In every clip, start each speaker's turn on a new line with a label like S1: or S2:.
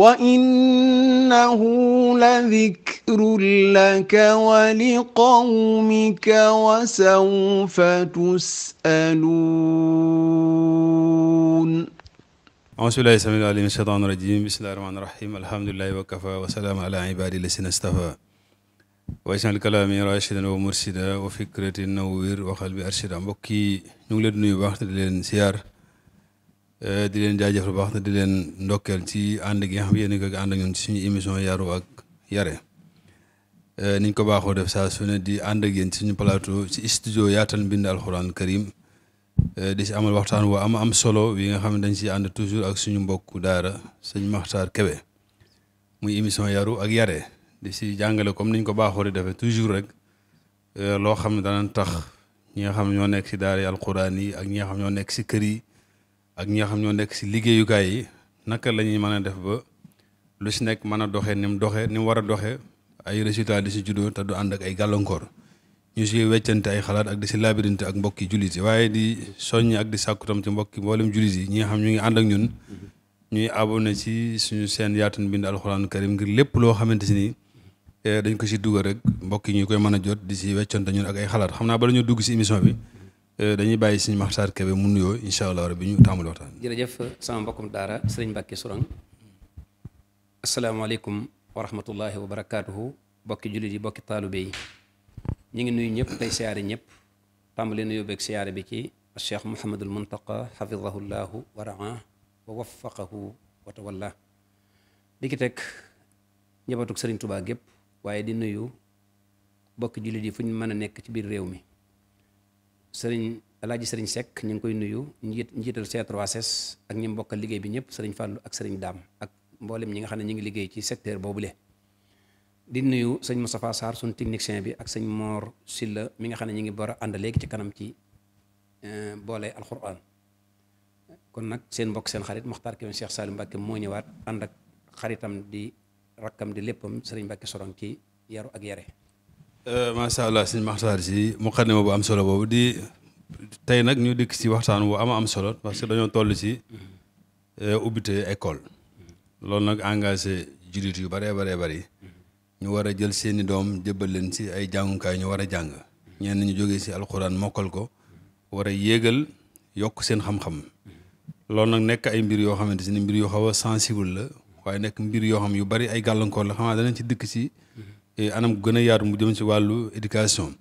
S1: وإنه لذكر لك ولقومك وسوف
S2: تسألون أعوذ بالله السميع العليم من الشيطان الرجيم بسم الله الرحمن الرحيم الحمد لله وكفى وسلام على عبادي الذين اصطفى واجعل كلامي راشدا ومرشدا وفكرتي نوّر وقلبي أرشدا mbokk yi ñu ngi leen di nuyu baax di leen siyaar Eh, di leen jaajëf bu baax te di leen ndokkeel ci ànd gi xam yéen a ngi ànd ak ñun ci suñu émission yaru ak yare eh, niñ ko baaxoo def saa su di ànd ak ci suñu plateau ci studio yaatal mbind alxuraan karim eh, di si amal waxtaan woo am am solo wi nga xam dañ si ànd toujours ak suñu mbokku daara sëñ Maxtaar Kebe muy émission yaru ak yare di si jàngale comme niñ ko baaxoo di defee toujours rek loo xam ne danañ tax ñi nga xam ñoo nekk si daara yi alxuraan yi ak ñi ñoo nekk si kër yi. ak ñi xam ñoo nekk si liggéeyukaay yi naka la ñuy mën a def ba lu si nekk mën a doxee ni mu doxee ni war a doxee ay résultats di si juddoo te du ànd ak ay gàllankoor ñu si weccante ay xalaat ak di si laabirint ak mbokki jullit yi waaye di soññ ak di sàkku ci mbokki mboolem jullit yi ñi nga xam ñu ngi ànd ak ñun ñuy abonné ci suñu seen yaatun bind alxuraan karim ngir lépp loo xamante si nii eh, dañ ko si dugal rek mbokk yi ñu koy mën a jot di si weccante ñun ak ay xalaat xam naa ba lañu dugg si émission bi Euh, dañuy bàyyi sëñ Maxtaar Kebe mu nuyoo incha allah rabbi ñu tàmbali waxtaan.
S1: jërëjëf sama mbokkum daara sëriñ Mbàkke Sourang asalaamaaleykum wa rahmatullahi wa bokki jullit yi bokki taalu yi ñu ngi nuyu ñëpp tey siyaare ñëpp tàmbali nuyoo beeg siyaare bi ci Cheikh Mouhamadul Muntaqa xafidahullahu wa raa wa waffaqahu wa tawalla di ki teg njabatuk sëriñ Tubaa gépp waaye di nuyu bokki jullit yi fu ñu mën a nekk ci biir réew mi. sëriñ alaaji sëriñ Seck ñu ngi koy nuyu njiit njiital C3S e ak ñu mbokkal liggéey bi ñëpp sëriñ Fàllu ak sëriñ Daam ak mboolem ñi nga xam ne ñu ngi liggéey ci boobu boobule di nuyu sëñ Moustapha Sarr suñ technicien bi ak sëñ Mor Silla mi nga xam ne ñu ngi bor a ànd léegi ci kanam ci eh, boole alquran kon nag seen mbokk seen xarit Makhtar Kébé Cheikh Salim Mbacke moo ñëwaat ànd ak xaritam di rakkam di léppam sëriñ Mbacke Sorong ci yaru ak yare Euh, macha
S2: allah sëñ Maxtaar si muqaddima bu am solo boobu di tey nag ñu dikk si waxtaan bu ama am solo parce que dañoo toll si euh, ubbite école loolu nag engage jullit yu bare bare bari ñu war a jël seeni doom jëbbal leen si ay jàngukaay ñu war a jàng ñenn ñu jóge si alxuraan mokkal ko war a yéegal yokk seen xam-xam loolu nag nekk ay mbir yoo xamante si ni mbir yu xaw a sensible la waaye nekk mbir yoo xam yu bari ay gàllankoor la xam naa danañ ci dikk si anam gën a yaatu mu jëm si wàllu éducation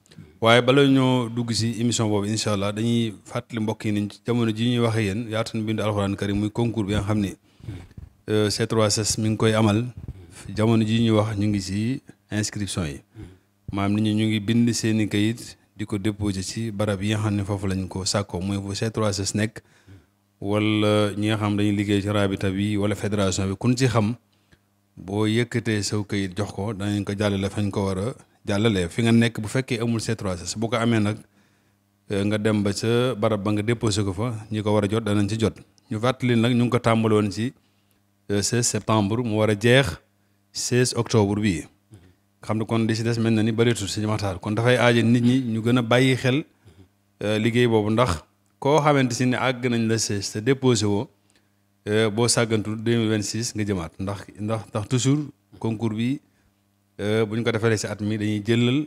S2: waaye bala ñoo dugg si émission boobu incha allah dañuy fàttali mbokk yi ni jamono ji ñuy waxee yéen yaatu na bindu alxuraan karim muy concours bi nga xam ni euh, C3S mi ngi koy amal jamono ji ñuy wax ñu ngi si inscription yi maam nit ñi ñu ngi bind seen i kayit di ko déposé si barab yi nga xam ne foofu lañ ko sàkkoo muy fu C3S nekk wala ñi nga xam dañuy liggéey ci rabita bi wala fédération bi kun ci xam boo yëkkatee saw kayit jox ko danañ ko jàllale fañ ko war a jàllale fi nga nekk bu fekkee amul C3S bu ko amee nag eh, nga dem ba sa barab ba nga déposé ko fa ñi ko war a jot danañ ci jot ñu fàttali nag ñu ngi ko tàmbaloon ci 16 eh, septembre mu war a jeex 16 octobre bii xam ne kon di si des mel na ni bëreetul si maxtaar kon dafay aaje nit ñi ñu gën a bàyyi xel eh, liggéey boobu ndax koo xamante si ne àgg nañ la 16 te déposé woo Euh, boo sàggantul 2026 nga jëmaat ndax ndax ndax toujours concours bi euh, bu ñu ko defaree si at mi dañuy jëlal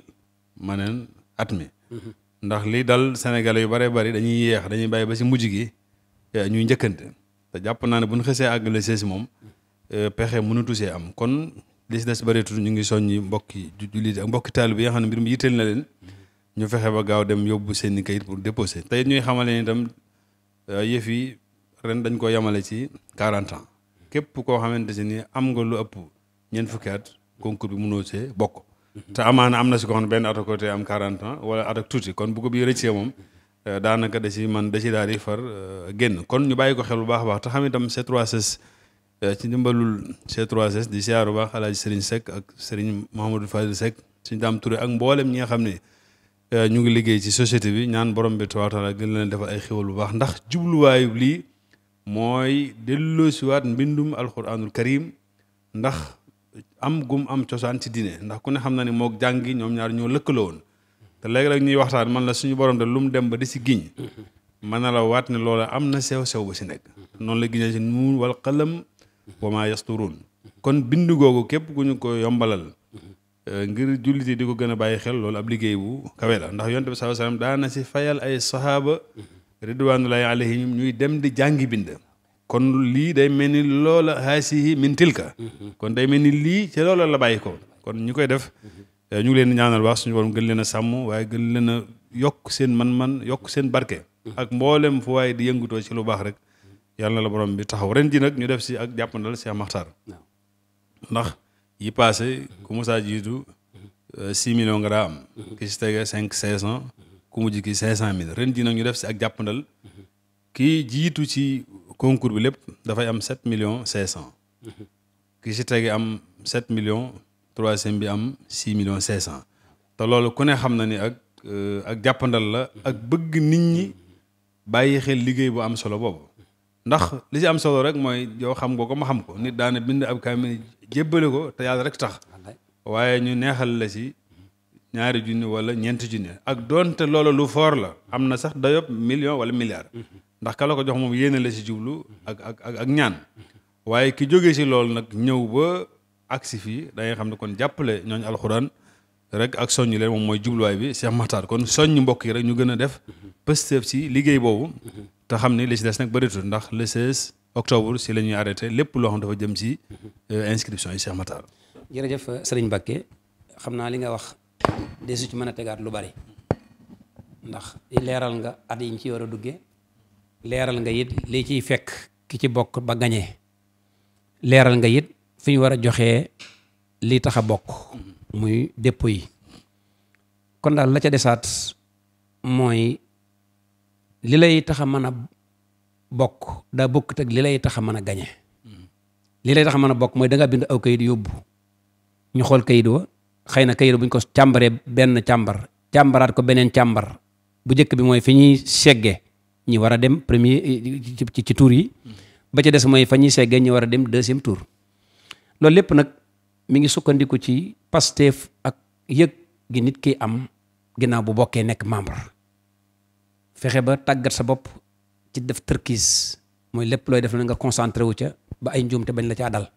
S2: maanaam at mi. Mm-hmm. ndax li dal Sénégalais yu bare bari dañuy yeex dañuy bàyyi ba si mujj gi euh, ñuy njëkkante te jàpp naa ne bu ñu xësee àgg la sees moom pexe mënatu see am kon li si des bëreetul ñu ngi soññi mbokki jullit ak mbokki taalibe yi nga xam ne mbir mi yitteel na leen. Mm-hmm. ñu fexe ba gaaw dem yóbbu seen kayit pour déposer tey ñuy xamale ni itam yëf ren dañ ko yemale ci 40 képp koo xamante si ni am nga lu ëpp ñeent fukki at concours bi mënoo see bokk te amaana am na si ko xam ne benn at ak côté am 40 ans wala at tuuti kon bu ko bii rëccee moom euh, daanaka da si man da si daal di far euh, génn kon ñu bàyyi ko xel bu baax a baax te xam itam C3S euh, ci ndimbalul c di siyaar bu baax alaaji Serigne Seck ak sëriñ Mouhamadou Fadil Seck suñu daam Touré ak mboolem ñi nga xam ne ñu ngi liggéey ci société bi ñaan borom bi taala gën leen defal ay xéwal bu baax ndax mooy delloosiwaat mbindum alquranul karim ndax am gum am cosaan ci diine ndax ku ne xam na ni mook jàngi ñoom ñaar ñoo lëkkaloo woon te léegi rek ñuy waxtaan man la suñu borom de lu mu dem ba di si giñ mën na la waat ne loola am na sew-sew bu si nekk noonu la giñee si nuun wal qalam wa maa yasturuun kon bind googu képp ku ñu ko yombalal eh, ngir jullit di ko gën a bàyyi xel loolu ab liggéey bu kawe la ndax yonte bi sallallahu alayhi wasallam daana si fayal ay sahaaba ridwanullahi alayhim ñuy dem di jàngi bind kon lii day mel ni loola haasihi min tilka kon day mel ni lii ca loola la bàyyi ko kon ñu koy def eh, ñu leen ñaanal wax suñu borom gën leen sàmm waaye gën leen yokk seen man-man yokk seen barke ak mboolem fu waaye di yëngutoo ci lu baax rek yàlla na la borom bi taxaw ren ji nag ñu def si ak jàppandal Cheikh Makhtar ndax yi passé ku mosaa jiitu eh, six millions nga ki si tege cinq seize ans ku mujj ki cinq cent mille ren jii nag ñu def si ak jàppandal kii jiitu ci concours bi lépp dafay am sept millions cinq cent ki si tegi am million trois troisième bi am six millions cinq cent te loolu ku ne xam na ni ak euh, ak jàppandal la ak bëgg nit ñi bàyyi xel liggéey bu am solo boobu ndax li si am solo rek mooy yow xam nga ko ma xam ko nit daana bind ab kaamil jébbale ko te yàlla rek tax waaye ñu neexal la si ñaari junni walla ñeenti junni ak doonte loola lu foor la am na sax dayob million wala milliard ndax ka la ko jox moom yéene la si jublu ak ak ñaan waaye ki jógee si loolu nag ñëw ba agsi fii da xam ne kon jàppale ñooñu alxuraan rek ak soññ leen moom mooy jubluwaay bi Cheikh Makhtar kon soññ mbokk yi rek ñu gën a def pësteef si liggéey boobu te xam ni li si des nag bëritul ndax le 16 octobre si la ñuy arrêté lépp loo xam dafa jëm si euh, inscription yi
S1: Cheikh desu ci mën a tegaat lu bari ndax leeral nga at yi yiñ ci war a dugge leeral nga it li ciy fekk ki ci bokk ba gañe leeral nga yit fi war a joxee li tax a bokk muy dépôt yi kon daal la ca desaat mooy li lay tax a mën a bokk daa bokk teg li lay tax a mën a gañe mm. li lay tax a mën a bokk mooy da nga bind aw kayit yóbbu ñu xool kayit wa xëy na kayit buñ ko càmbaree benn càmbar càmbaraat ko beneen càmbar bu njëkk bi mooy fi ñuy segge ñi war a dem premier ci ci tour yi ba ca des mooy fa ñuy segge ñi war a dem deuxième tour loolu lépp nag mi ngi sukkandiku ci Pastef ak yëg gi nit ki am ginnaaw bu bokkee nekk membre fexe ba tàggat sa bopp ci def tërkiis mooy lépp looy def na nga concentré wu ca ba ay njuumte bañ la ca dal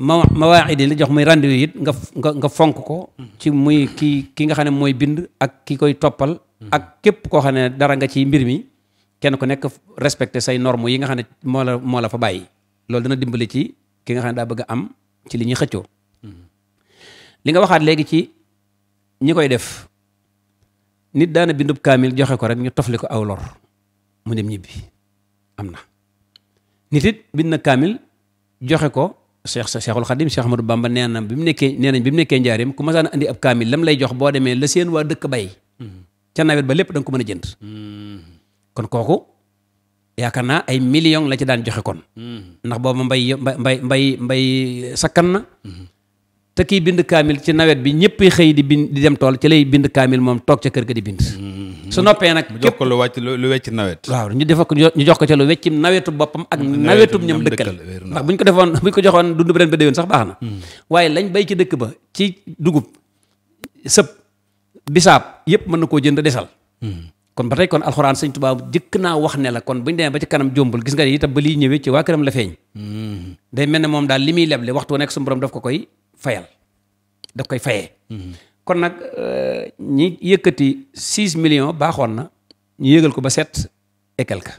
S1: ma ma mawaaqidi la jox muy rendez it nga nga nga fonk ko ci muy kii kii nga xam ne mooy bind ak ki koy toppal ak képp koo xam ne dara nga ci mbir mi kenn ku nekk respecté say normes yi nga xam ne moo la moo la fa bàyyi loolu dana dimbali ci ki nga xam ne daa bëgg am ci li ñuy xëccoo mm-hmm. li nga waxaat léegi ci ñi koy def nit daana bindub kaamil joxe ko rek ñu tofli ko aw lor mu dem ñibbi am na nit it bind na kaamil joxe ko Cheikh Cheikhul Khadim Cheikh Ahmadou Bamba nee na bi mu nekkee nee nañ bi mu nekkee njaareem ku masaan andi ab kaamil lam lay jox boo demee la seen waa dëkk bay mm-hmm. ca nawet ba lépp da nga mën a jënd mm-hmm. kon kooku yaakaar naa ay millions la ci daan joxe kon mm-hmm. ndax booba mbay mbay mbay mbay sakkan na te bind kaamil ci nawet bi ñëpp xëy di bind di dem tool ci lay bind kaamil moom toog ca kër ga di bind su noppee nag. képp mu jox lu wàcc lu nawet. waaw ñu def ko ñu jox ko ca lu weccim nawetu boppam ak nawetum ñam dëkkal ndax buñ ko defoon buñ ko joxoon dund bi ren ba déwén sax baax na hmm. waaye lañ bay ci dëkk ba ci dugub sëb bisaab yëpp mën na koo jënd desal hmm. kon ba tey kon alxuraan sëñ Tuubaa jëkk naa wax ne la kon buñ demee ba ci kanam jombul gis nga ne itam ba lii ñëwee ci waa këram la feeñ hmm. day mel ne moom daal li muy leble waxtu nekk suñu borom daf ko koy fayal daf koy fayee kon nag euh, ñi yëkkati 6 million baaxoon na ñu yéegal ko ba 7 et quelque.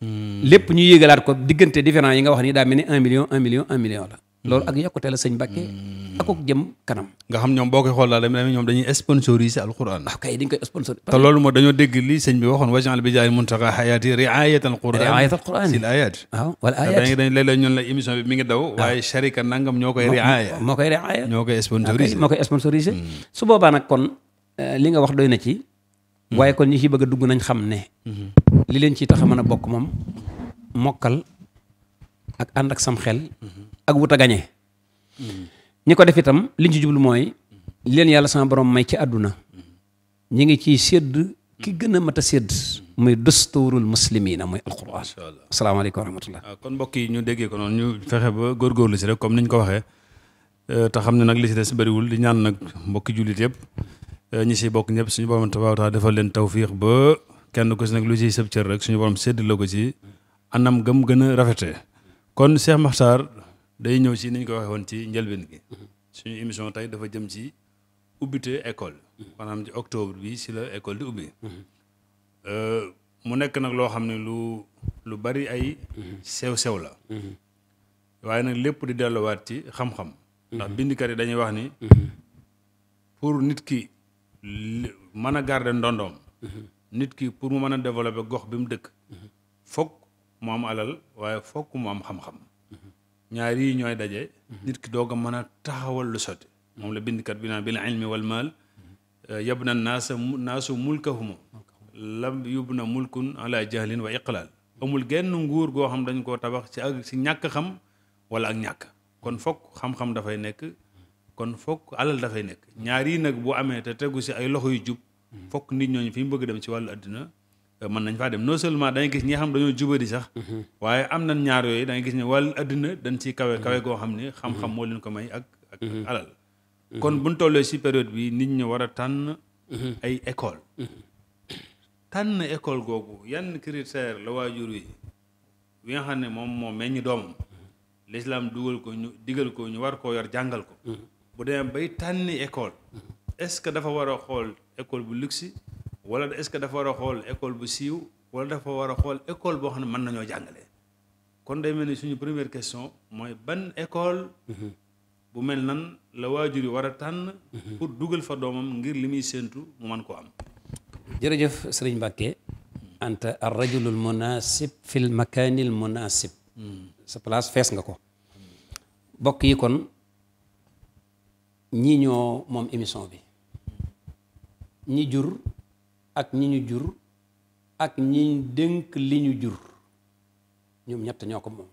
S1: Hmm. lépp ñu yëgalaat ko diggante différent yi nga wax ni daa mel ni 1 million 1 million 1 million la. loolu ak yokkute la sëñ Mbàkke hmm. ak ko jëm kanam nga xam ñoom boo koy xool daal dama ñoom dañuy sponsoriser alquran waaw ah, kay dañ koy sponsoriser te
S2: dañoo dégg li sëñ bi waxoon wajal bi jaay muntaqa xayaati riayat ah, la émission bi mi ngi daw waaye ah. sharika nangam ñoo koy riaya
S1: moo koy riaya ñoo koy sponsoriser moo koy sponsoriser hmm. su boobaa nag eh, li nga wax doy na ci hmm. waaye kon ñi ci bëgg a dugg nañ xam ne li leen ciy tax a mën a bokk moom mokkal ak ànd ak sam xel ak wut a gañe ñi ko def itam liñ ñu jublu mooy li leen yàlla sama borom may ci àdduna ñi ngi ciy sédd ki gën a mat a sédd muy dusturul muslimina muy alquran
S2: asalaamaaleykum wa rahmatullah ah, kon mbokk yi ñu déggee ko noonu ñu fexe ba góorgóorlu si rek comme ñu ko waxee euh, te xam ne nag li si des bëriwul di ñaan nag mbokki jullit yëpp euh, ñi si bokk ñëpp suñu borom tabaaraka taala defal leen tawfiix ba kenn ko si nag lu siy sëb cër rek suñu borom sédd la ko si anam gëm gën a rafetee day ñëw si ni ñu ko waxee woon ci njëlbeen gi mhm. suñu émission tey dafa jëm ci ubbite école mhm. maanaam ci octobre bi si la école di ubbi mhm. euh, mu nekk nag loo xam ne lu lu bari ay sew-sew la waaye nag lépp di dellowaat ci xam-xam ndax bindikat yi dañuy wax ni pour nit ki mën a garder ndondoom nit ki pour mu mën a développer gox bi mu dëkk fokk mu am alal waaye fokk mu am xam-xam ñaar yi ñooy daje. Mhm. nit ki doog a mën a taxawal lu sotti. moom la bindkat bi naan bil ilmi wal maal mhm. eh, yabna naasa naasu mulkahum lam yubna mulkun ala jahlin wa iqlaal amul genn nguur goo xam dañ koo tabax ci ak ci ñàkk xam wala ak ñàkk kon mhm. fokk xam-xam dafay nekk kon fokk alal dafay nekk ñaar yi nag boo amee te tegu si ay loxo yu jub fokk nit ñooñu fi ñu bëgg dem ci wàllu àddina Euh, mën nañ faa dem non seulement dañuy gis ñi xam dañoo jubadi sax mhm. waaye am na ñaar yooyu dangay gis ne wàllu àddina dañ ciy kawe mhm. kawe goo xam ne xam-xam mhm. moo leen ko may ak ak alal kon buñ tollee ci période bi nit ñi war a tànn ay école tànn école googu yan critère la waajur wi wi nga xam ne moom moo meññ doomam l'islam dugal ko ñu digal ko ñu war koo yor jàngal ko bu demee bay tànni école est-ce que dafa war a xool école bu luxe wala est-ce que dafa war a xool école bu siiw wala dafa war a xool école boo xam ne mën nañoo jàngale kon day mel ni suñu première question mooy ban école mhm. bu mel nan la waajur yi war a tànn mhm. pour dugal fa doomam ngir li muy séentu mu
S1: mën koo am jërëjëf sëriñ Mbàkke anta ar rajulul munasib fil makaanil munasib hmm. sa place fees nga ko bokk yi kon ñii ñoo moom émission bi ñi jur ak ñi ñu jur ak ñi dénk li ñu jur ñoom ñett ñoo ko moom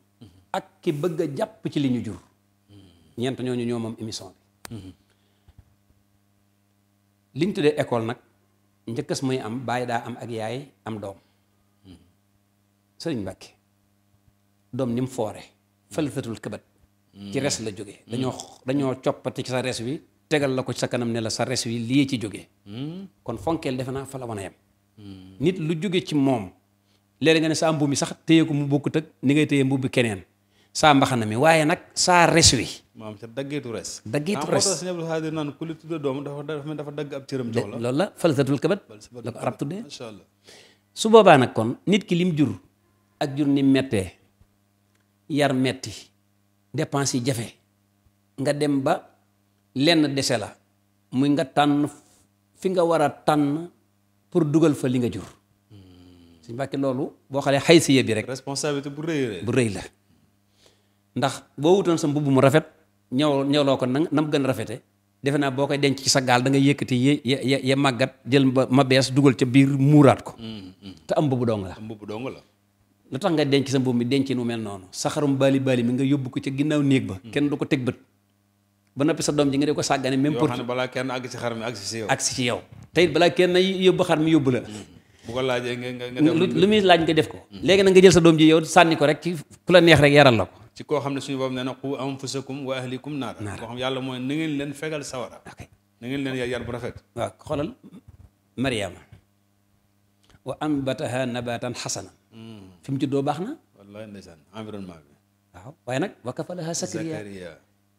S1: ak ki bëgg a jàpp ci li ñu jur ñeent ñooñu ñoo moom émission bi liñ tuddee école nag njëkkës muy am bàyyi daa am ak yaay am doom sëriñ Mbàkke doom ni mu foore fëlfatul këbët ci res la jóge dañoo coppati sa res wi tegal la ko sa kanam ne la sa res wi lii ci jógee hmm? kon fonkeel defe naa fa la wan a nit lu jóge ci moom léeg nga ne saa mbubb mi sax téye ko mu bukk ak ni ngay téye mbubb keneen saa mbaxana mi waaye nag saa res wi maam ca daggeetu res daggeetu res
S2: naan ku li tudda doom dafa dafa dagg ab cëram jox la loolu la falsatul kabat la ko arab tuddee
S1: su boobaa nag kon nit ki lim jur ak jur ni mettee yar metti dépense yi jafe nga dem ba lenn dese la muy nga tànn fi nga war a tànn pour dugal fa li nga jur suñ bàkki loolu boo xalee xaysiya bi rek responsabilité bu rëy bu rëy la ndax boo wutoon sa mbubb mu rafet ñëw loo ko na nam gën a rafete defe naa boo koy denc ci sa gaal da nga yëkkati ya ya ya màggat jël ba ma bees dugal ca biir muuraat ko mm, mm. te am mbubb dong la am la lu tax nga denc sa mbubb mi denc nu mel noonu saxarum baali baali mi nga yóbbu ko ca ginnaaw néeg ba mm. kenn du ko teg bët ba noppi sa doom ji nga di ko sàggane même pour yoo balaa kenn àgg xar mi àgg si si yow. balaa kenn yóbbu xar mi yóbbu la. lu muy laaj nga def ko. léegi nag nga jël sa doom ji yow sànni ko rek ci ku la neex rek yaral la ko.
S2: ci koo xam ne suñu boobu nee na qu anfusakum wa ahlikum naara. naara koo xam yàlla mooy na ngeen leen fegal sawara. ok na ngeen leen yar bu rafet. waaw xoolal
S1: Mariama. wa ambataha nabatan xasana. Hmm. fi mu juddoo baax na.
S2: wallaahi ndeysaan environnement bi. waaw
S1: waaye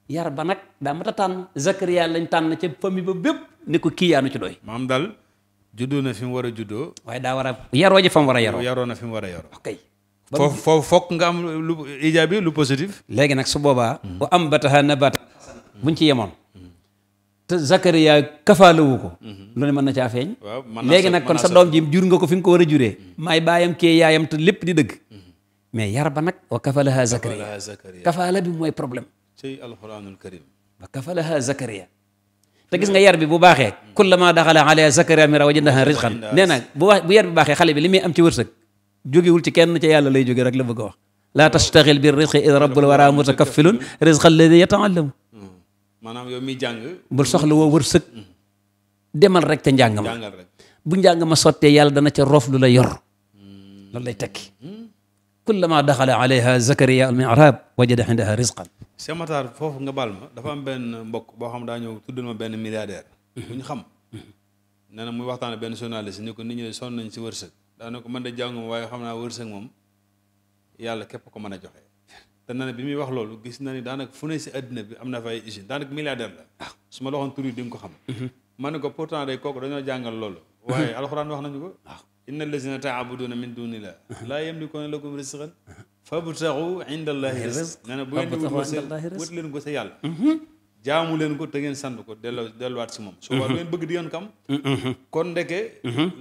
S1: yar ba nag daa mat a tànn Zakaria lañ tànn ca famille ba bépp ni ko kii yaanu ci doy maam daal juddoo na fi mu war a juddoo waaye daa war a yaroo ji fa mu war a yaroo yaroo na fi mu war a yaroo ok foofu foofu fokk nga am lu ijaabi lu positif léegi nag su boobaa wa am bataha nabata buñ ci yemoon te Zakaria kafaalawu ko lu ne mën na caa feeñ léegi nag kon sa doom ji jur nga ko fi nga ko war a juree mm-hmm. maay baayam kee yaayam te lépp di dëgg mm-hmm. mais yar ba nag wa kafalaha Zakaria kafaala bi mooy problème cey alxuraanul karim wa kafalaha Zakaria te gis nga yar bi bu baaxee kullama daxala alaya Zakaria mira wajadaha rizqan nee na bu wax bu yar bi baaxee xale bi li muy am ci wërsëg jógewul ci kenn ca yàlla lay jóge rek la bëgg a wax laa tastaxil bi rizqi id rabbul wara mutakaffilun rizqa alladi yataallamu hmm.
S2: maanaam yow mi jàng
S1: bul soxla woo wërsëg hmm. demal rek te njàng ma bu njàng ma sottee yàlla dana ca roof lu la yor hmm. loolu lay tekki kullama daxala alayha zakariya al mihrab wajada indaha
S2: am benn daa ñëw tuddal ma benn milliardaire bu mhm. ñu xam mhm. benn journaliste ni ko nit ñi sonn nañ si wërsëg daa ne ko man de jàngu ma waaye xam naa wërsëg moom yàlla képp ko mën a joxe te nee na bi muy wax loolu gis na ni daanaka fu ne si àddina bi am na fay usine daanaka milliardaire la ah. su ma la waxoon tur yi di nga ko xam mhm. ma ne ko pourtant day kooku dañoo jàngal loolu waaye alxuraan wax nañu ko ah. inna allazina taabuduuna min dunillah laa yamlikuuna lakum risqan fabtaxu inda allahi risq nee na bu ngeen di wut wut leen ko sa yàlla mm-hmm. jaamu leen ko te ngeen sant ko delloo delluwaat si moom soo waa mm-hmm. ngeen bëgg di yoon kam mm-hmm. kon ndeke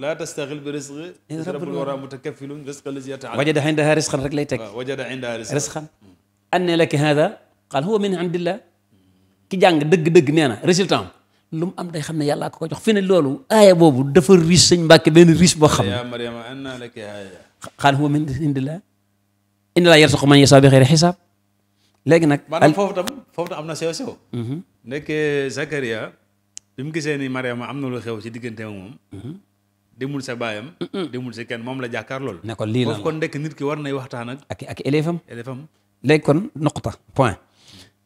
S2: laa tastaxil bi risqi eh, rabbul wara mutakaffilun risqa lazi yataala wajada indaha risqan rek lay teg
S1: wajada indaha risqan mm. anne laki hada qaal huwa min indillah ki jàng dëgg-dëgg nee na résultat am lu mu am day xam ne yàllaa ko ko jox fi ne loolu aaya boobu dafa riche sëñ Mbàkke benn riche boo xam ne xaal huwa min indillah indillah yarzuqu man yasaa bi xeyri xisaab léegi nag maanaam
S2: foofu tam foofu tam am na sew sew mhm. ndekkee Zakaria bi mu gisee ni Mariama am na lu xew ci diggante moom mhm. demul sa baayam demul sa kenn moom la jàkkaar loolu ne ko lii kon nit ki war nay
S1: waxtaan ak ak ak élève am élève am léegi kon nuqta point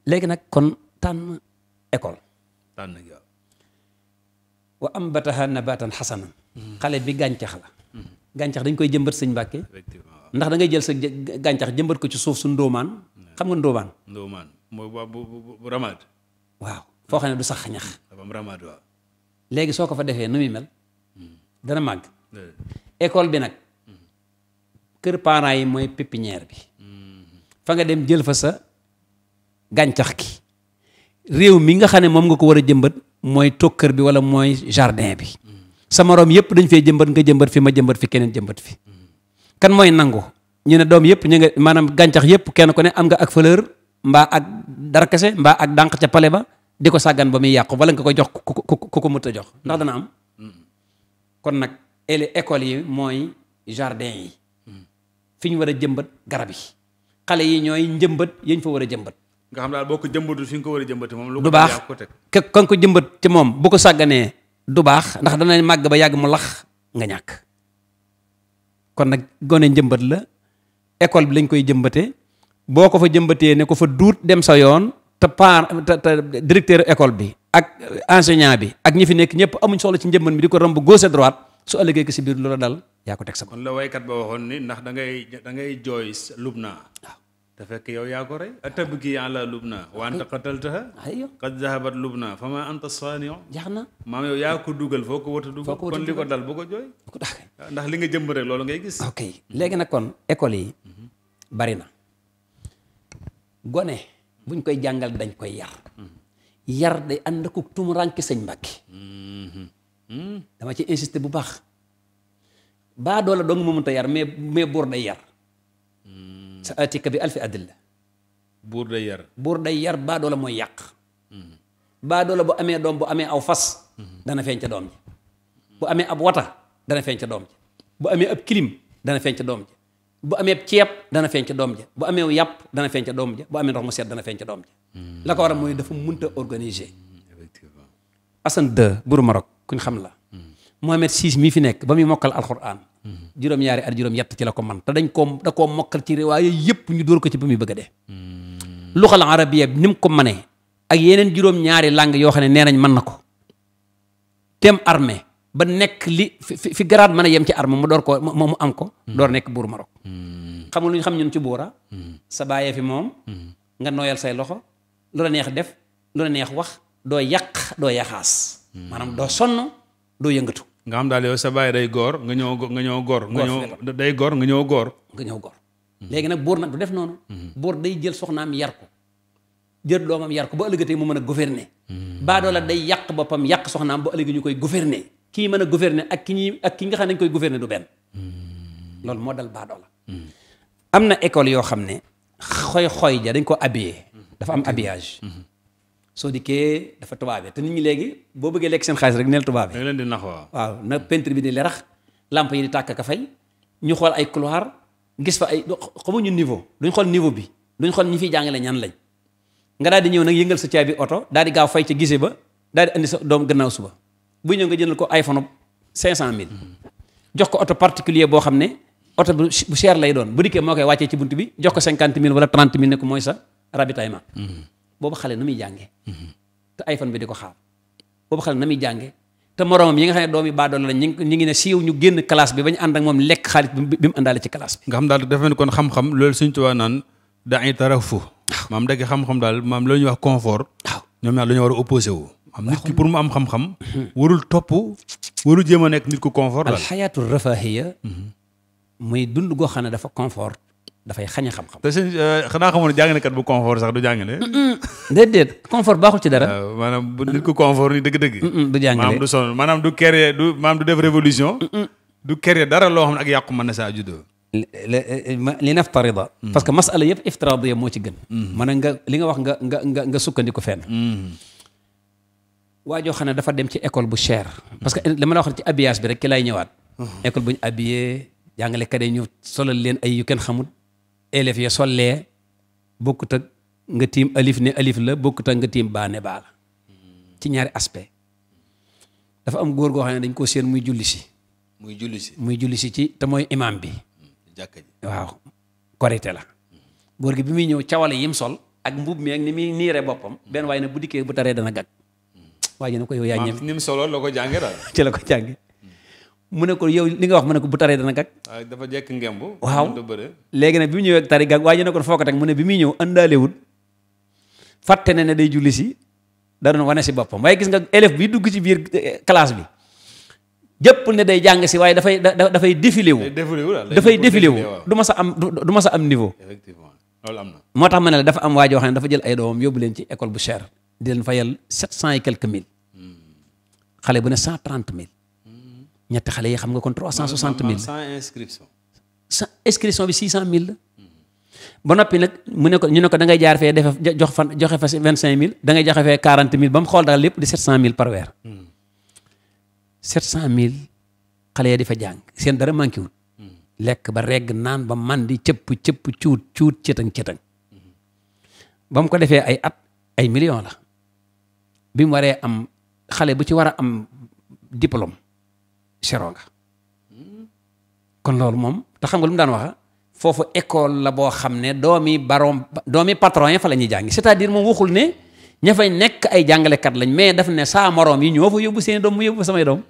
S1: léegi nag kon tànn école wa ambataha nabatan xasanan xale bi gàncax la gàncax dañ koy jëmbat sëñ Mbàkke ndax da jël sa gàncax jëmbat ko ci suuf su ndóomaan xam nga ndóomaan
S2: ndóomaan mooy bu ramaad
S1: waaw foo xam ne du sax ñax
S2: ramaad waaw
S1: léegi soo ko fa defee nu muy mel hmm. dana màgg école bi nag hmm. kër parents yi mooy pépinière bi hmm. fa nga dem jël fa sa gàncax gi réew mi nga xam ne moom nga ko war a jëmbat mooy tokkër bi wala mooy jardin bi sama room yëpp dañ fee jëmbat nga jëmbat fi ma jëmbat fi keneen jëmbat fi kan mooy nangu ñu ne doom yëpp ñu nga maanaam gàncax yëpp kenn ko ne am nga ak fleur mbaa ak darkase mbaa ak dànq ca pale ba di ko sàggan ba muy yàqu wala nga ko jox ku ku ku ko mut a jox ndax dana am kon nag ele école yi mooy jardin yi fi ñu war a jëmbat garab yi xale yi ñooy njëmbat yañ fa war a jëmbat nga xam daal boo ko jëmbatul fi nga ko war a jëmbati moom. lu ko du baax kon ko jëmbat ci moom bu ko sàgganee du baax ndax dana màgg ba yàgg mu lax nga ñàkk. kon nag gone njëmbat la école bi lañ koy jëmbatee boo ko fa jëmbatee ne ko fa duut dem sa yoon te par te te directeur école bi ak enseignant bi ak ñi fi nekk ñëpp amuñ soxla ci njëmbat bi di ko romb gauche droite su ëllëgee ko si biir loola dal yaa ko teg sa
S2: kon la waykat ba ndax da ngay da ngay jooy lub naa. te fekk yow yaa ko rey atabki ala lubna wa anta qataltaha aywa qad zahabat lubna fa ma anta saaniu jax na maam yow yaa ko dugal foo ko wata dugal kon li ko dal bu ko jooy ndax li nga jëmb rek loolu ngay gis
S1: ok léegi nag kon école yi bari na gone buñ koy jàngal dañ koy yar yar day ànd ak tumuraanke sëñ mhm. Mhm. dama ci insister bu baax baa doola dong mu mënta yar mais mais buur day yar sa atika bi alfi adilla buur day yar buur day yar baadoola mooy yàq baadoola bu amee doom bu amee aw fas dana feeñ ca doom ji bu amee ab wata dana feeñ ca doom ji bu amee ab kilim dana feeñ doom ji bu amee ceeb dana feeñ doom ja bu amee yàpp dana feeñ ca doom ja bu amee ndox mu seet dana feeñ ca doom ja la ko war a mooy dafa munta organiser Assane 2 buru Maroc kuñ xam la Mohamed 6 mii fi nekk ba muy mokkal alxuraan juróom-ñaari at juróom-yett ci la ko man te dañ koo da koo mokkal ci riwaaya yëpp ñu dóor ko ci ba muy bëgg de dee hmm. luxal arabiya bi ni ko manee ak yeneen juróom-ñaari langue yoo xam ne nee nañ mën na ko tem armée ba nekk li fi fi garaat mën a yem ci armée mu door ko mu am ko hmm. door nekk buur Maroc hmm. xam nga lu ñu xam ñun ci buura sa bàyyee fi moom nga nooyal say loxo lu la neex def lu la neex wax doo yàq doo yaxaas maanaam doo sonn doo yëngatu
S2: nga xam daal yow sa baay day góor nga ñëw nga ñëw góor nga ñëw day góor nga ñëw góor
S1: nga ñëw góor léegi nag buur nag du def noonu mhm. buur day jël soxnaam yar ko jël doomam yar ko ba ëllëgatee mu mën a gouverner mhm. baadoola day yàq boppam yàq soxnaam ba ëllëgi ñu koy gouverner kii mën a gouverner ak ki ñuy ak ki nga xam ne koy gouverner du benn mhm. loolu moo dal baadoola am na école yoo xam ne xoy xoy ja dañ ko habillé dafa am habillage soo dikkee dafa tubaabe te nit ñi léegi boo bëggee lekk seen xaalis rek neel tubaabe. da leen di nax waaw. waaw na peintre bi di lerax lampe yi di tàkk ka fay ñu xool ay couloir gis fa ay xamuñu niveau duñ xool niveau bi duñ xool ñi fiy jàngale ñan lañ nga daa di ñëw nag yëngal sa bi oto daal di gaaw fay ca gisee ba daal di andi sa doom gannaaw suba bu ñëw nga jëndal ko iPhone 500000. Mm-hmm. jox ko oto particulier boo xam ne oto bu bu cher lay doon bu dikkee wàccee ci bunt bi jox ko 50000 wala 30000 ne ko mooy sa ravitaillement. Mm-hmm. boobu xale na muy jànge te iPhone bi di ko xaar boobu xale na muy jànge te moromam yi nga xam ne doom yi baadoolo la ñu ngi ne siiw ñu génn classe bi ba ñu ànd ak moom lekk xaalis bi mu àndaale ci classe bi. nga xam
S2: daal dafa maam dëgg ñuy wax confort. waaw ñoom ñaar dañoo war a opposé wu. am nit ki pour mu am xam-xam. Mhm. warul topp warul jéem a
S1: nekk nit ko confort daal. alxayaatu rafahiya mhm. muy dund goo xam ne dafa confort. dafay xañe xam-xam. te xam euh, xanaa xamoon ne jàngalekat bu confort sax du jàngale. déedéet confort
S2: baaxul ci dara. Euh, maanaam bu nit ku confort ni dëgg-dëgg. du jàngale maanaam du sonn maanaam du créer du maanaam
S1: dara loo xam ne ak yàqu mën na saa juddoo. li naftarida mm-hmm. parce que masala yëpp iftiraadiya moo ci gën. Mm-hmm. maanaam nga li nga wax nga nga nga nga sukkandiku fenn. Mm-hmm. waa joo xam ne dafa dem ci école bu cher. parce que li ma la wax ci bi rek ki ñëwaat. école bu ñu habillé jàngalekat yi ñu solal leen ay yu kenn xamul. elef ya sollee bokkut nga tiim alif ne alif la bokkut ak nga tiim baa ne baa la ci ñaari aspect dafa am góor goo xam ne dañ koo seen muy julli si muy julli si muy julli si ci te mooy imam bi mm, jàkka waaw korite la góor gi bi muy ñëw cawale yim sol ak mbub mi ni muy niire boppam benn waaye ne bu dikkee bu taree dana gag mm. waaye ne ko yow yaa ñëw ni mu soloon la ko jànge daal ci la ko jànge mu ne ko yow li nga wax mu ne ko bu taree dana gag ah, dafa jekk ngemb waaw léegi nag bi mu ñëwee ak tari gag waaye ñu ne ko foo ko mu ne bi muy ñëw àndaalewul fàtte ne ne day julli si da doon wane si boppam waaye gis nga élève bi dugg ci biir eh, classe bi jëpp ne day jàng si waaye dafay da dafay défilé wu dafay défilé wu du ma sa am du ma sa am niveau effectivement loolu am na moo tax ma ne la dafa am waa joo xam ne dafa jël ay doomam yóbbu leen ci école bu cher di leen fayal sept cent et quelques mille hmm. xale bu ne cent trente mille ñetti xale yi xam nga kon trois cent soixante mille sans inscription cent mille ba noppi nag mu ne ko ñu ne ko da ngay jaar fee defe jox fan joxe fa vingt cinq mille da ngay joxe fee quarante mille ba mu xool daal lépp di sept cent mille par weer hmm. sept cent mille xale yi di fa jàng seen dara manqué wut hmm. lekk ba regg naan ba mandi cëpp cëpp cuut cuut cëtëng cëtëng hmm. ba mu ko defee ay at ay million la bi mu waree am xale bu ci war a am diplôme sero nga kon loolu moom te xam nga lu mu daan wax foofu école la boo xam ne doomi barom doomi patron yi fa la ñuy jàngi c'est-à-dire moom xul ne ña fay nekk ay jàngalekat lañ mais daf ne saa moroom yi ñoo fa yóbbu seen doom mu yóbbu samay doom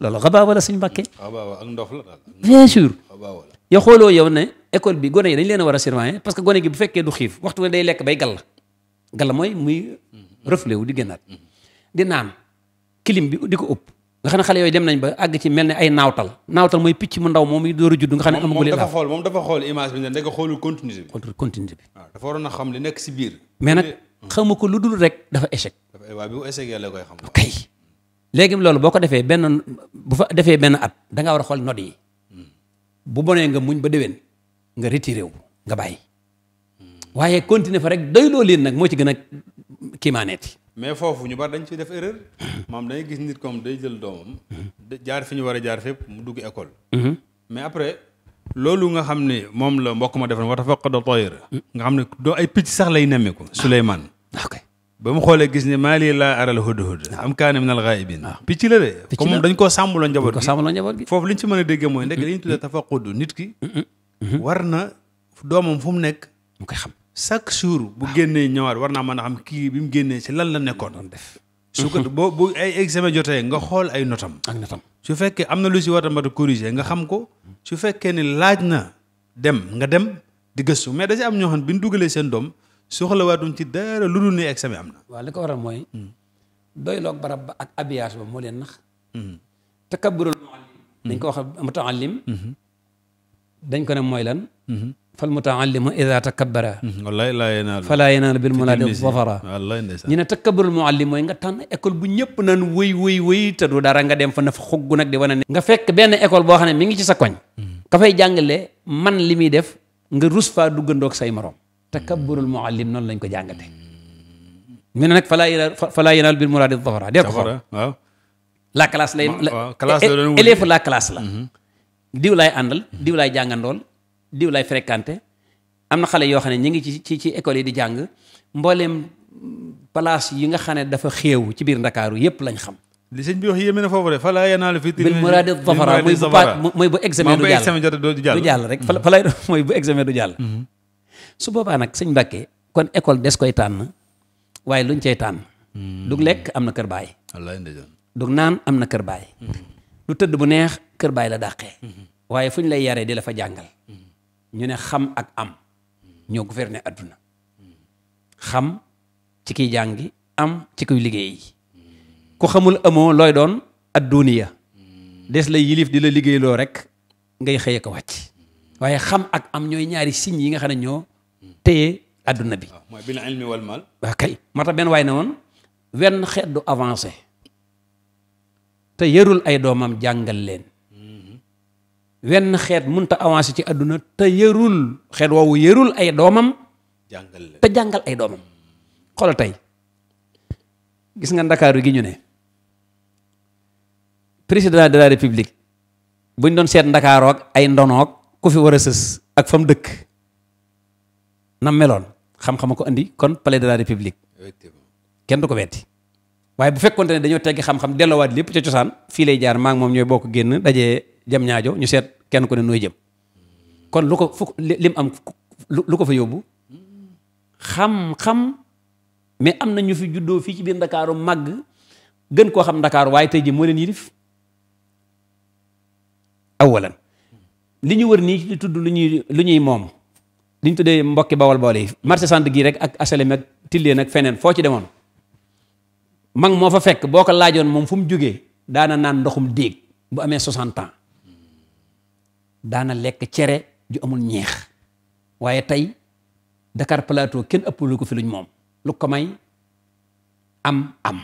S1: loolu xabaaba la suñ mbàkkee. xabaaba ak ndof la daal. bien sûr. xabaaba la xooloo yow ne école bi gone yi dañ leen war a surveiller parce que gone gi bu fekkee du xiif waxtu ne day lekk bay gàll. gàll mooy muy mm-hmm. reflet wu di génnaat. nga xam ne xale yooyu dem nañ ba àgg ci mel ne ay naawtal naawtal mooy picc mu ndaw moom muy door a judd nga xam ne amagul moom dafa xool
S2: moom dafa xool image bi xam li nekk si biir mais nag
S1: hmm. xamu ko lu dul rek dafa échec waaw bi mu échec yàlla koy xam kay léegi loolu boo ko defee benn bu fa defee benn at da ngaa war a xool nodd yi hmm. bu bonee nga muñ ba déwén nga retiré wu nga bàyyi hmm. waaye continuer fa rek doy loo nag moo ci gën a kiimaaneeti
S2: mais foofu ñu bari dañ ciy def erreur maam dañuy gis nit koom day jël doomam mm-hmm. jaar fi ñu war a jaar fépp mu dugg école mm-hmm. mais après loolu nga xam ne moom la mbokk ma defoon wata faqada tayr mm-hmm. nga xam ne doo ay picc sax lay nemmeeku ah. Souleymane ah, ba mu xoolee gis ne maa lii laa aral hudhud ah. am kaana min al ghaibin picc la de comme moom dañ koo sàmmloo njaboot gi sàmmloo njaboot foofu li ñu ci mën a déggee mooy ndekk dañuy tuddee tafaqud nit ki war na doomam fu mu nekk mu koy xam chaque jour bu génnee ñëwaat war naa mën a xam kii bi mu génnee si lan la nekkoon. doon def su ko boo bu ay examen jotee nga xool ay notam. ak notam su fekkee am na lu si war a mën a nga xam ko su fekkee ni laaj na dem nga dem di gëstu mais da si am ñoo xam ne bi ñu dugalee seen doom soxlawaatuñ ci dara lu dul ne examen
S1: am na. waaw li ko waral mooy. Hmm. doyloog barab ba ak abiyaas ba moo leen nax. Hmm. takabburul muallim dañ ko wax mutaallim hmm. dañ ko ne mooy lan. fal mutaallimu ida takabbara wallaay laa yenaalu falaa yenaalu bil mulaadi zafara wallaay ndeysaan ñu ne takabbarul muallim mooy nga tànn école bu ñëpp naan wëy wëy wëy te du dara nga dem fa na fa xugg nag di wane ne nga fekk benn école boo xam ne mi ngi ci sa koñ mm-hmm. ka fay jàngale man li muy def nga rus faa duggandoog say morom takabbarul muallim noonu lañ ko jàngate mu mm-hmm. ne nag falaa yenaalu falaa yenaalu bil mulaadi zafara dee ko xool waaw la classe lay e, e, élève la classe la mm-hmm. diw laay àndal diw laay jàngandool diw lay fréquenté am na xale yoo xam ne ñu ngi ci ci ci école yi di jàng mbooleem place yi nga xam ne dafa xéew ci biir ndakaaru yépp lañ xam
S2: di sëñ bi wax yéeme na foofu de laa yanaal fi bil muraadi zafara jàll du jàll rek fa mm-hmm. lay mooy bu
S1: examen du jàll mm-hmm. su boobaa nag sëñ Mbàkke kon école des koy tànn waaye luñ cay tànn mm-hmm. dug lekk am na kër baay dug naan am na kër baay du tëdd bu neex kër baay la dàqee waaye fu ñu lay yaree di la fa jàngal ñu ne xam ak am ñoo gouverner adduna xam ci kiy jàngi am ci kuy liggéey ku xamul amoo looy doon adduniya des la yilif di la liggéeyloo rek ngay xëye ko wàcc waaye xam ak am ñooy ñaari signes yi nga xam ne ñoo téye adduna bi. Ah, mooy bil ilmi wal kay moo tax benn waay na woon wenn xeet du avancé te yarul ay doomam jàngal leen. wenn xeet mënta avancé ci àdduna te yërul xeet woowu yërul ay doomam te jàngal ay doomam xoolal tey gis nga ndakaaru gi ñu ne président de la république buñ doon seet ndakaarook ay ndonoog ku fi war a sës ak fa mu dëkk na meloon xam-xama ko andi kon pale de la république kenn du ko wetti waaye bu fekkonte ne dañoo teggi xam-xam delloowaat lépp ca cosaan fii lay jaar maak moom ñooy boo ko génn dajee jam ñaajo ñu seet kenn ku ne nooy jëm kon lu ko fukk lim am lu ko fa yóbbu xam-xam mais am na ñu fi juddoo fii ci biir ndakaaru màgg gën koo xam ndakaaru waaye tey ji moo leen yilif awalan li ñu wër nii di tudd lu ñuy lu ñuy moom li ñu tuddee mbokki bawal boole yi marché centre gii rek ak asalem ak tilleen ak feneen foo ci demoon mag moo fa fekk boo ko laajoon moom fu mu jógee daana naan ndoxum déeg bu amee 60 temps daana lekk cere ju amul ñeex waaye tey Dakar Plateau kenn ëpp lu ko fi luñ moom lu ko may am am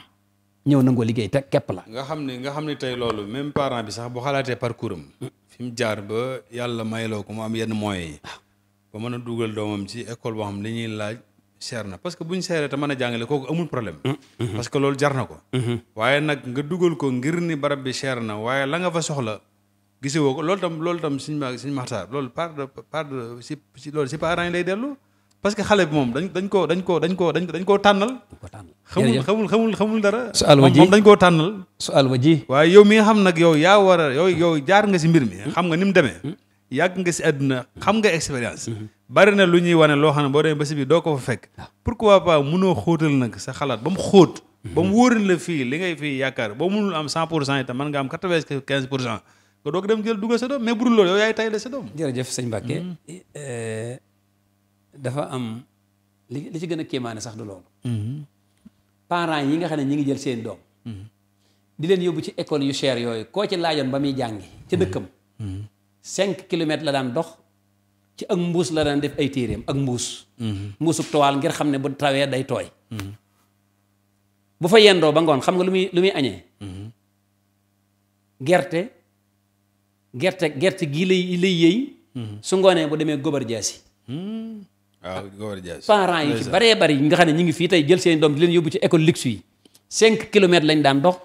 S1: ñëw nangoo liggéey te képp la.
S2: nga xam ne nga xam ne tey loolu même parent bi sax bu xalaatee parcours am. fi mu jaar ba yàlla mayloo ko mu am yenn moyens yi. ba mën a dugal doomam ci école boo xam li ñuy laaj seer na parce que bu ñu seeree te mën a jàngale kooku amul problème. Mm, mm-hmm. parce que loolu jar na ko. Mm-hmm. waaye nag nga dugal ko ngir ni barab bi seer na waaye la nga fa soxla. gise woo ko loolu tam loolu tam suñ ma suñ maxtaar loolu part de part de si si loolu si parents yi lay dellu parce que xale bi moom dañ dañ koo dañ koo dañ koo dañ dañ koo tànnal xamul xamul xamul xamul dara ji moom koo tànnal su alwa ji waaye yow mi nga xam nag yow yaa war a yow yow jaar nga si mbir mi xam nga ni mu demee hmm? yàgg nga si àdduna xam nga expérience hmm. bari na lu ñuy wane loo xam ne boo demee ba si bi doo ko fa fekk ah. pourquoi pas mënoo xóotal nag sa xalaat ba mu xóot ba mu hmm. wóorin la fii li ngay fii yaakaar boo mënul am cent pour cent pour cent nga doog dem jël dugal sa doom mais bu dul loolu yow yaay tayle sa doom. jërëjëf sëñ Mbacke. Hmm.
S1: Eh, eh, dafa am li li ci gën a kéemaane sax du loolu. Hmm. parents yi nga xam ne ñi ngi jël seen doom. Hmm. di leen yóbbu ci école yu cher yooyu koo ci laajoon ba muy jàngi ca dëkkam. cinq kilomètres la daan dox ci ak mbuus la daan def ay téeréem ak mbuus. mbuusub toile ngir xam ne bu tawee day tooy. bu fa yendoo ba ngoon xam nga lu lu muy añee. gerte. gerte gerte gii lay lay yëy mhm. su ngoonee bu demee góobar jaasi
S2: waaw hmm. ah, yi ci baree bari
S1: nga xam ne ñu ngi fii tey jël seen doom di leen yóbbu ci école luxe yi cinq kilomètres lañ daan dox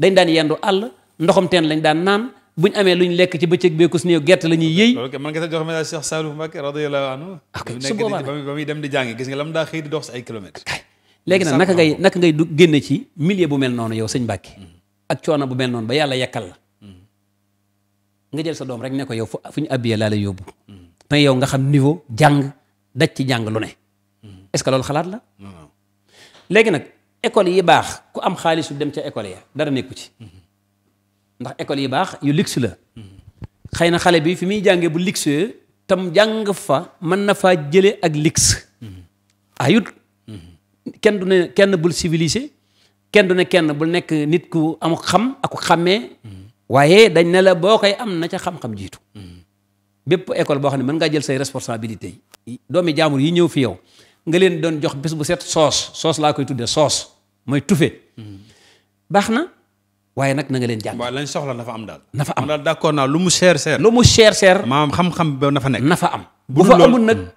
S1: dañ daan yendu àll ndoxam teen lañ daan naan bu ñu amee lu ñu lekk ci bëccëg beeku su néew gerte la ñuy yëy
S2: man nga sax jox message Cheikh Saliou Mbacké radiyallahu anhu ah, su boobaa ba muy dem di jàngi gis nga lam daa xëy di dox si ay kilomètres léegi nag naka ngay
S1: naka ngay du génne ci milieu bu mel noonu yow sëñ Mbacké mhm. ak coono bu mel noonu ba yàlla yekkal la nga jël sa doom rek ne ko yow fu ñu abbiyee laa lay yóbbu mais yow nga xam niveau jàng daj ci jàng lu ne est-ce que loolu xalaat la léegi nag école yi baax ku am xaalisu dem ca école ya dara nekku ci ndax école yi baax yu luxe la xëy na xale bi fi muy jàngee bu luxe tam jàng fa mën na faa jële ak luxe ayut kenn du ne kenn bul civilisé kenn du ne kenn bul nekk nit ku am xam ak xàmmee waaye dañ ne la boo koy am na ca xam-xam jiitu mm-hmm. bépp école boo xam ne mën ngaa jël say responsabilité yi doomi jaamur yi ñëw fi yow nga leen doon jox bés bu set soos soos laa koy tuddee soos mooy tufe mm-hmm. baax na waaye nag na nga leen jàng. waaw lañ soxla na am
S2: daal. na fa am daal d'accord naa lu mu cher lu mu cher cher. maanaam xam-xam ba na fa nekk. na am bu fa amul nag. Mm.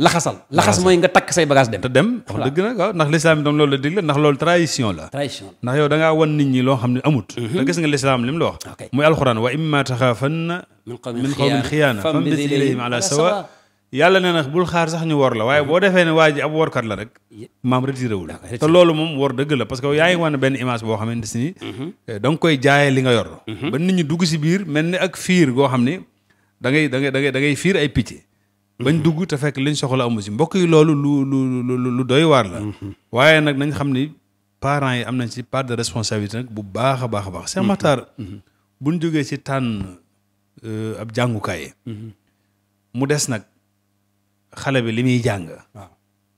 S2: laxasal laxas mooy nga takk say bagage dem te dem dëgg nag waaw ndax lislaam itam loolu la digle ndax loolu trahison la ndax yow da wan nit ñi loo xam ne amut mhm. te gis nga lislaam li mu la wax muy alxuraan wa imma taxaafanna min qawmin xiyaana fambis ilayhim ala yàlla nee na bul xaar sax ñu wor la waaye boo defee ne waa ji ab workat la rek maam retiré la te loolu moom wor dëgg la parce que yaa ngi wane benn image boo xamante si ni mhm. eh, da nga koy jaayee li nga yor mhm. ba nit ñi dugg si biir mel ni ak fiir goo xam ne da ngay da ngay da ngay da fiir ay picc bañ mhm. dugg te fekk liñ soxla amu si mbokk yi loolu lu lu lu doy waar la. Mhm. waaye nag nañ xam ni parent yi am nañ si part de responsabilité nag bu baax a baax a baax. Cheikh mhm. Makhtar bu ñu jógee ci tànn euh, ab jàngukaay. mu des nag xale bi li muy jàng. waaw ah.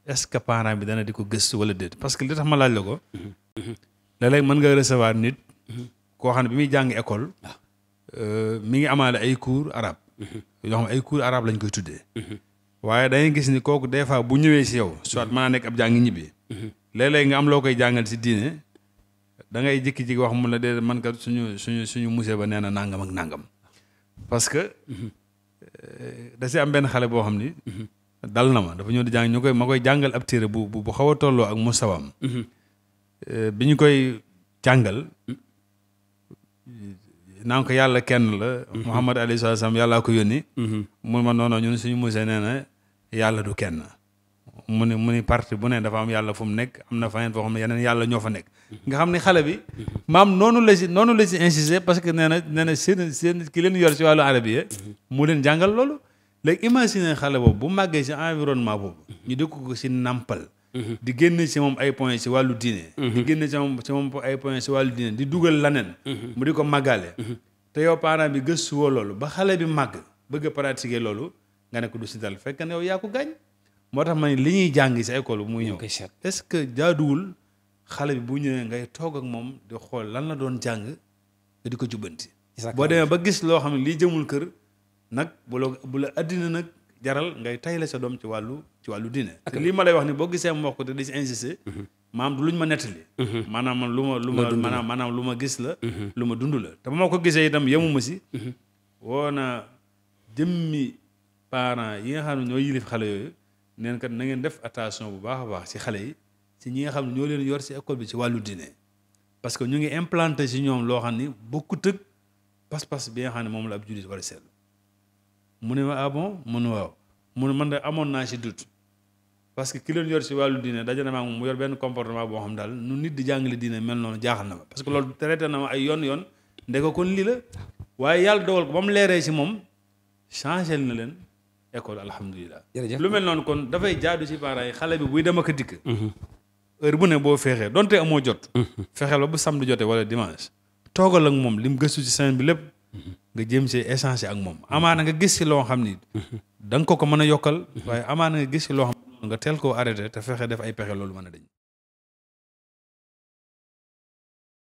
S2: est-ce que parent bi dana di ko gëstu wala déet parce que li tax ma laaj la ko. léeg-léeg mën nga recevoir nit. koo xam ne bi muy jàng école. Ah. Euh, mi ngi amaale ay cour arabe. yoo xam ay cours arabe lañ koy tuddee mhm. waaye dañuy gis ni kooku des fois bu ñëwee si yow soit mhm. mën naa nekk ab jàngi ñibbi mhm. léeg-léeg nga am loo koy jàngal si diine da ngay jékki-jékki wax mun la dee man kat suñu suñu suñu musée ba nee na nangam ak nangam parce que euh, da si am benn xale boo xam ni dal na ma dafa ñëw di jàng ñu koy ma koy jàngal ab téere bu bu xaw a tolloo ak mu mustawam euh, bi ñu koy jàngal naan ko yàlla kenn la. Mhm. Muhammad alayhi salaam yàllaa ko yónni. Mhm. mu ma noonu ñun suñu musée nee na du kenn. mu ni mu ni bu ne dafa am yàlla mu nekk am na feneen foo xam ne yeneen yàlla ñoo fa nekk. Mhm. nga ne xale bi. maam noonu la si noonu la si insisté parce que nee na na seen seen ki leen yor si wàllu arabiya mu leen jàngal loolu. léegi imagine xale boobu bu màggee si environnement boobu. ñu dëkk ko si nampal. Mhm. di génn si moom ay point ci wàllu diine mhm. di génn si moom ci moom ay point si wàllu diine di dugal laneen mhm. mu di ko màggale te yow parent bi gëstuwoo loolu ba xale bi màgg bëgg a pratiquer loolu nga ne ko du si dal fekk na yow yaa ko gaañ moo tax ma ne li ñuy jàng ci école bi muy ñëw est-ce que jaaduwul xale bi bu ñëwee ngay toog ak moom di xool lan la doon jàng te di ko jubbanti boo demee ba gis loo xam ne lii jëmul kër nag bu la bu àddina nag jaral ngay tay sa doom ci wàllu wàllu diine te lii ma lay wax ni boo gisee ma wax ko te di ci insisté mhm. maanaam du lu ñu ma nettali mhm. maanaam lu ma lu ma maanaam maanaam lu ma gis la mhm. lu ma dund la te ba ma ko gisee itam yemuma si woo na jëmmi parents yi nga xam ne ñoo yilif xale yooyu neen kat na ngeen def attention bu baax a baax ci xale yi ci ñi nga xam ne ñoo leen yor ci école bi ci wàllu dine parce que ñu ngi implante ci ñoom loo xam ni bokkut ak pas-pas bi nga xam ne moom la ab jullit war a seetlu mu ne ma ah bon mu ne waaw mu ne man de amoon naa ci parce que ki yor si wàllu diine daje na ma mu yor benn comportement boo xam daal nu nit di jàngale diine mel noonu jaaxal na ma parce que loolu traité na ma ay yoon yoon ndeko kon lii la waaye yàlla dogal ko ba mu leeree si moom changé na leen école alhamdulilah. lu mel noonu kon dafay jaadu si parents yi xale bi buy dem ak a dikk. Mm-hmm. heure bu ne boo feexee donte amoo jot. Mm-hmm. fexeel ba bu samedi jotee wala dimanche. toogal ak moom lim gëstu ci semaine bi lépp. Mm-hmm. nga jëm see échanger ak moom amaana nga gis si loo xam ni. da ko ko mën a yokkal. waaye amaana nga gis si nga teel ko arrêté te fexe def ay pexe loolu mën deñ